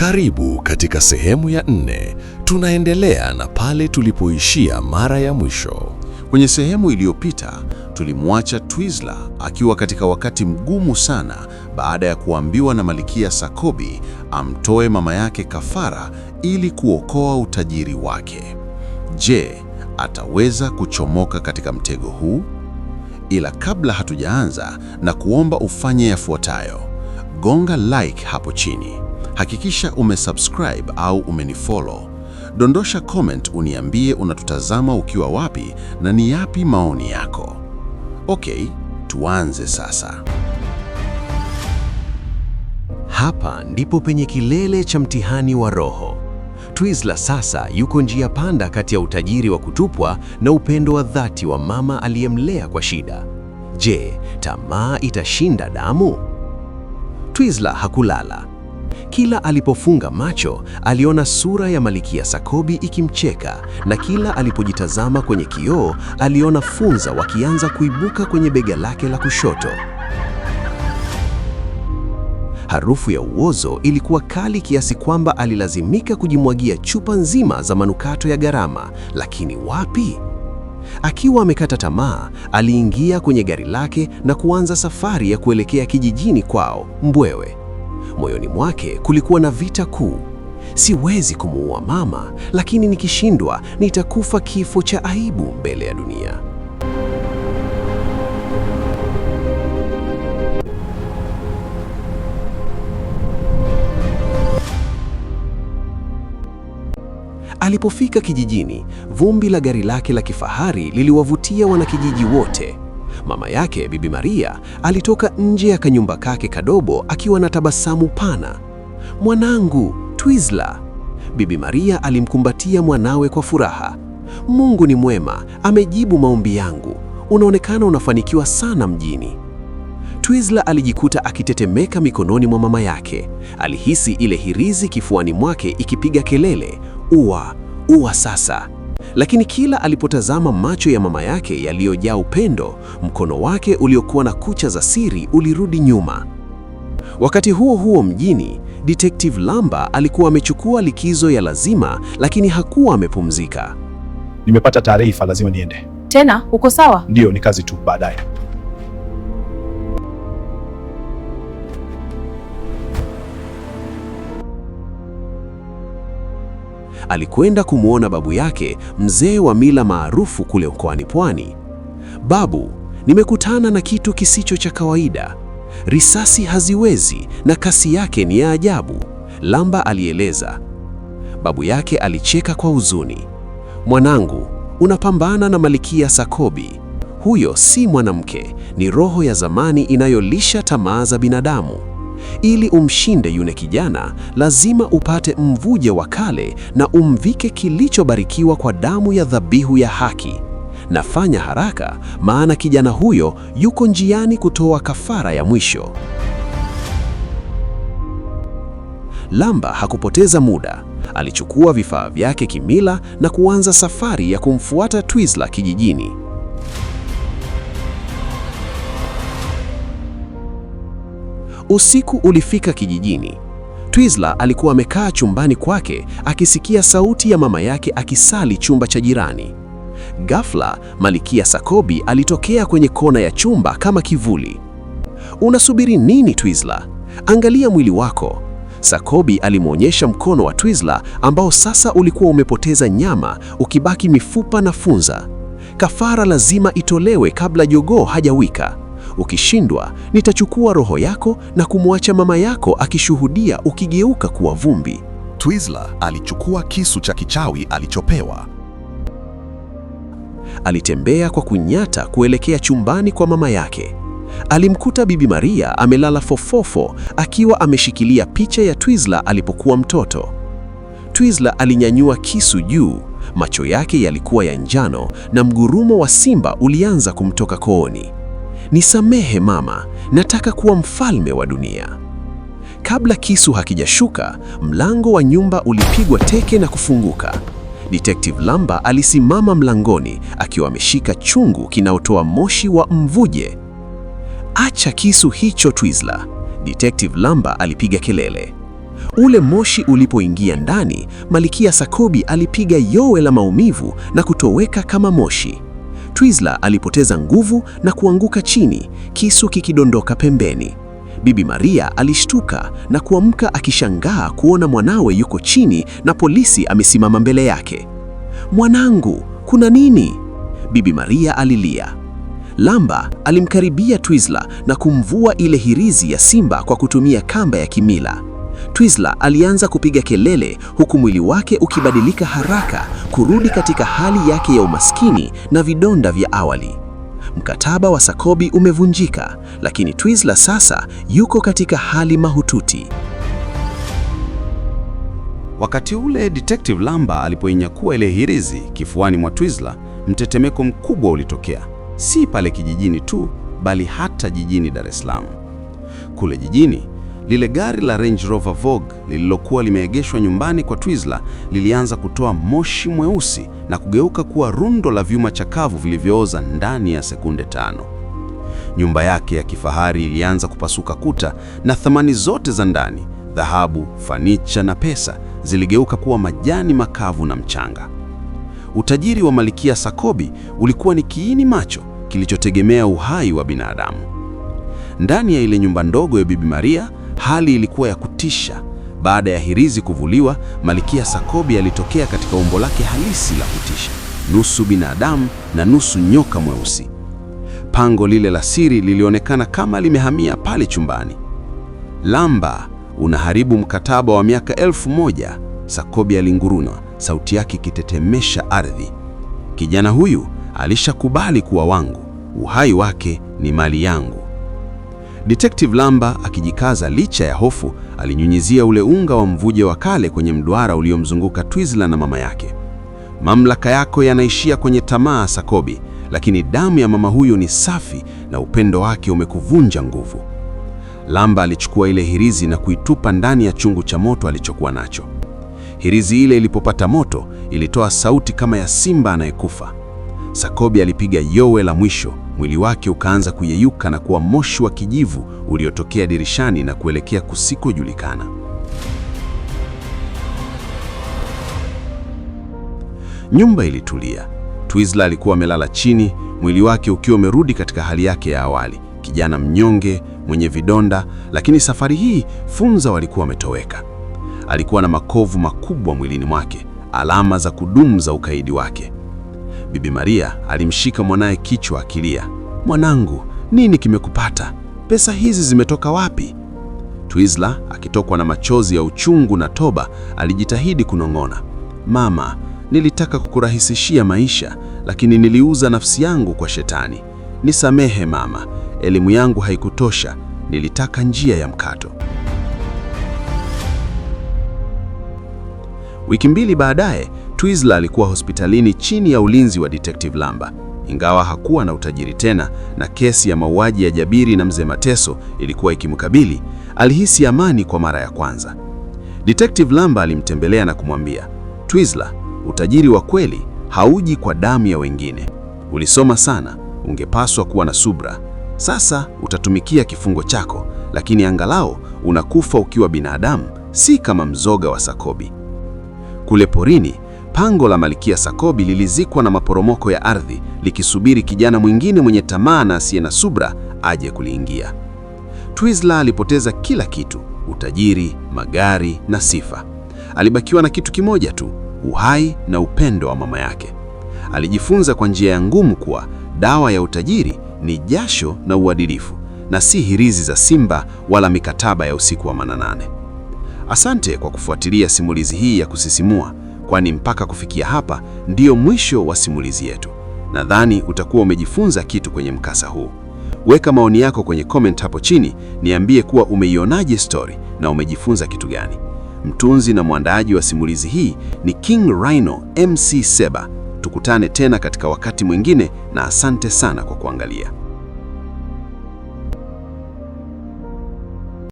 Karibu katika sehemu ya nne. Tunaendelea na pale tulipoishia mara ya mwisho. Kwenye sehemu iliyopita tulimwacha Twizzler akiwa katika wakati mgumu sana baada ya kuambiwa na malikia Sakobi amtoe mama yake kafara ili kuokoa utajiri wake. Je, ataweza kuchomoka katika mtego huu? Ila kabla hatujaanza na kuomba ufanye yafuatayo. Gonga like hapo chini hakikisha umesubscribe au umenifollow. Dondosha comment uniambie unatutazama ukiwa wapi na ni yapi maoni yako. Okay, tuanze sasa. Hapa ndipo penye kilele cha mtihani wa roho. Twizzler sasa yuko njia panda kati ya utajiri wa kutupwa na upendo wa dhati wa mama aliyemlea kwa shida. Je, tamaa itashinda damu? Twizzler hakulala, kila alipofunga macho aliona sura ya Malikia Sakobi ikimcheka, na kila alipojitazama kwenye kioo aliona funza wakianza kuibuka kwenye bega lake la kushoto. Harufu ya uozo ilikuwa kali kiasi kwamba alilazimika kujimwagia chupa nzima za manukato ya gharama, lakini wapi? Akiwa amekata tamaa, aliingia kwenye gari lake na kuanza safari ya kuelekea kijijini kwao Mbwewe. Moyoni mwake kulikuwa na vita kuu. Siwezi kumuua mama, lakini nikishindwa nitakufa kifo cha aibu mbele ya dunia. Alipofika kijijini, vumbi la gari lake la kifahari liliwavutia wanakijiji wote. Mama yake Bibi Maria alitoka nje ya kanyumba kake kadobo akiwa na tabasamu pana. Mwanangu Twizzler. Bibi Maria alimkumbatia mwanawe kwa furaha. Mungu ni mwema, amejibu maombi yangu. Unaonekana unafanikiwa sana mjini. Twizzler alijikuta akitetemeka mikononi mwa mama yake. Alihisi ile hirizi kifuani mwake ikipiga kelele, ua, ua sasa. Lakini kila alipotazama macho ya mama yake yaliyojaa upendo, mkono wake uliokuwa na kucha za siri ulirudi nyuma. Wakati huo huo mjini, Detective Lamba alikuwa amechukua likizo ya lazima, lakini hakuwa amepumzika. Nimepata taarifa, lazima niende. Tena uko sawa? ndio ni kazi tu, baadaye. alikwenda kumwona babu yake, mzee wa mila maarufu kule mkoani Pwani. Babu, nimekutana na kitu kisicho cha kawaida. Risasi haziwezi na kasi yake ni ya ajabu, Lamba alieleza. Babu yake alicheka kwa huzuni. Mwanangu, unapambana na Malikia Sakobi. Huyo si mwanamke, ni roho ya zamani inayolisha tamaa za binadamu. Ili umshinde yule kijana, lazima upate mvuje wa kale na umvike kilichobarikiwa kwa damu ya dhabihu ya haki. Na fanya haraka, maana kijana huyo yuko njiani kutoa kafara ya mwisho. Lamba hakupoteza muda. Alichukua vifaa vyake kimila na kuanza safari ya kumfuata Twizzler kijijini. Usiku ulifika kijijini. Twizla alikuwa amekaa chumbani kwake akisikia sauti ya mama yake akisali chumba cha jirani. Ghafla, Malikia Sakobi alitokea kwenye kona ya chumba kama kivuli. Unasubiri nini Twizla? Angalia mwili wako. Sakobi alimwonyesha mkono wa Twizla ambao sasa ulikuwa umepoteza nyama, ukibaki mifupa na funza. Kafara lazima itolewe kabla jogoo hajawika. Ukishindwa, nitachukua roho yako na kumwacha mama yako akishuhudia ukigeuka kuwa vumbi. Twizzler alichukua kisu cha kichawi alichopewa. Alitembea kwa kunyata kuelekea chumbani kwa mama yake. Alimkuta Bibi Maria amelala fofofo akiwa ameshikilia picha ya Twizzler alipokuwa mtoto. Twizzler alinyanyua kisu juu, macho yake yalikuwa ya njano na mgurumo wa simba ulianza kumtoka kooni nisamehe mama, nataka kuwa mfalme wa dunia. Kabla kisu hakijashuka, mlango wa nyumba ulipigwa teke na kufunguka. Detective Lamba alisimama mlangoni akiwa ameshika chungu kinaotoa moshi wa mvuje. Acha kisu hicho Twizzler, Detective Lamba alipiga kelele. Ule moshi ulipoingia ndani, malikia Sakobi alipiga yowe la maumivu na kutoweka kama moshi. Twisla alipoteza nguvu na kuanguka chini, kisu kikidondoka pembeni. Bibi Maria alishtuka na kuamka akishangaa kuona mwanawe yuko chini na polisi amesimama mbele yake. Mwanangu, kuna nini? Bibi Maria alilia. Lamba alimkaribia Twisla na kumvua ile hirizi ya simba kwa kutumia kamba ya kimila. Twizzler alianza kupiga kelele huku mwili wake ukibadilika haraka kurudi katika hali yake ya umaskini na vidonda vya awali. Mkataba wa Sakobi umevunjika, lakini Twizzler sasa yuko katika hali mahututi. Wakati ule Detective Lamba alipoinyakua ile hirizi kifuani mwa Twizzler, mtetemeko mkubwa ulitokea, si pale kijijini tu, bali hata jijini Dar es Salaam. Kule jijini lile gari la Range Rover Vogue lililokuwa limeegeshwa nyumbani kwa Twizzler lilianza kutoa moshi mweusi na kugeuka kuwa rundo la vyuma chakavu vilivyooza ndani ya sekunde tano. Nyumba yake ya kifahari ilianza kupasuka kuta na thamani zote za ndani, dhahabu, fanicha na pesa ziligeuka kuwa majani makavu na mchanga. Utajiri wa Malkia sakobi ulikuwa ni kiini macho kilichotegemea uhai wa binadamu. Ndani ya ile nyumba ndogo ya Bibi Maria Hali ilikuwa ya kutisha. Baada ya hirizi kuvuliwa, Malkia Sakobi alitokea katika umbo lake halisi la kutisha, nusu binadamu na nusu nyoka mweusi. Pango lile la siri lilionekana kama limehamia pale chumbani. Lamba, unaharibu mkataba wa miaka elfu moja, Sakobi alingurunwa sauti yake ikitetemesha ardhi. Kijana huyu alishakubali kuwa wangu, uhai wake ni mali yangu. Detective Lamba akijikaza licha ya hofu, alinyunyizia ule unga wa mvuje wa kale kwenye mduara uliomzunguka Twizzler na mama yake. Mamlaka yako yanaishia kwenye tamaa, Sakobi, lakini damu ya mama huyo ni safi na upendo wake umekuvunja nguvu. Lamba alichukua ile hirizi na kuitupa ndani ya chungu cha moto alichokuwa nacho. Hirizi ile ilipopata moto, ilitoa sauti kama ya simba anayekufa. Sakobi alipiga yowe la mwisho mwili wake ukaanza kuyeyuka na kuwa moshi wa kijivu uliotokea dirishani na kuelekea kusikojulikana. Nyumba ilitulia. Twizzler alikuwa amelala chini, mwili wake ukiwa umerudi katika hali yake ya awali, kijana mnyonge mwenye vidonda, lakini safari hii funza walikuwa wametoweka. Alikuwa na makovu makubwa mwilini mwake, alama za kudumu za ukaidi wake. Bibi Maria alimshika mwanaye kichwa akilia, mwanangu, nini kimekupata? Pesa hizi zimetoka wapi? Twizla akitokwa na machozi ya uchungu na toba, alijitahidi kunong'ona, mama, nilitaka kukurahisishia maisha, lakini niliuza nafsi yangu kwa Shetani. Nisamehe mama, elimu yangu haikutosha, nilitaka njia ya mkato. Wiki mbili baadaye Twizzler alikuwa hospitalini chini ya ulinzi wa Detective Lamba, ingawa hakuwa na utajiri tena na kesi ya mauaji ya Jabiri na Mzee Mateso ilikuwa ikimkabili, alihisi amani kwa mara ya kwanza. Detective Lamba alimtembelea na kumwambia, Twizzler, utajiri wa kweli hauji kwa damu ya wengine. Ulisoma sana, ungepaswa kuwa na subra. Sasa utatumikia kifungo chako, lakini angalau unakufa ukiwa binadamu, si kama mzoga wa Sakobi. Kule porini Pango la Malkia Sakobi lilizikwa na maporomoko ya ardhi likisubiri kijana mwingine mwenye tamaa na asiye na subra aje kuliingia. Twizzler alipoteza kila kitu, utajiri, magari na sifa. Alibakiwa na kitu kimoja tu, uhai na upendo wa mama yake. Alijifunza kwa njia ya ngumu kuwa dawa ya utajiri ni jasho na uadilifu, na si hirizi za simba wala mikataba ya usiku wa manane. Asante kwa kufuatilia simulizi hii ya kusisimua kwani mpaka kufikia hapa ndiyo mwisho wa simulizi yetu. Nadhani utakuwa umejifunza kitu kwenye mkasa huu. Weka maoni yako kwenye comment hapo chini, niambie kuwa umeionaje story na umejifunza kitu gani. Mtunzi na mwandaaji wa simulizi hii ni King Rhino MC Seba. Tukutane tena katika wakati mwingine na asante sana kwa kuangalia.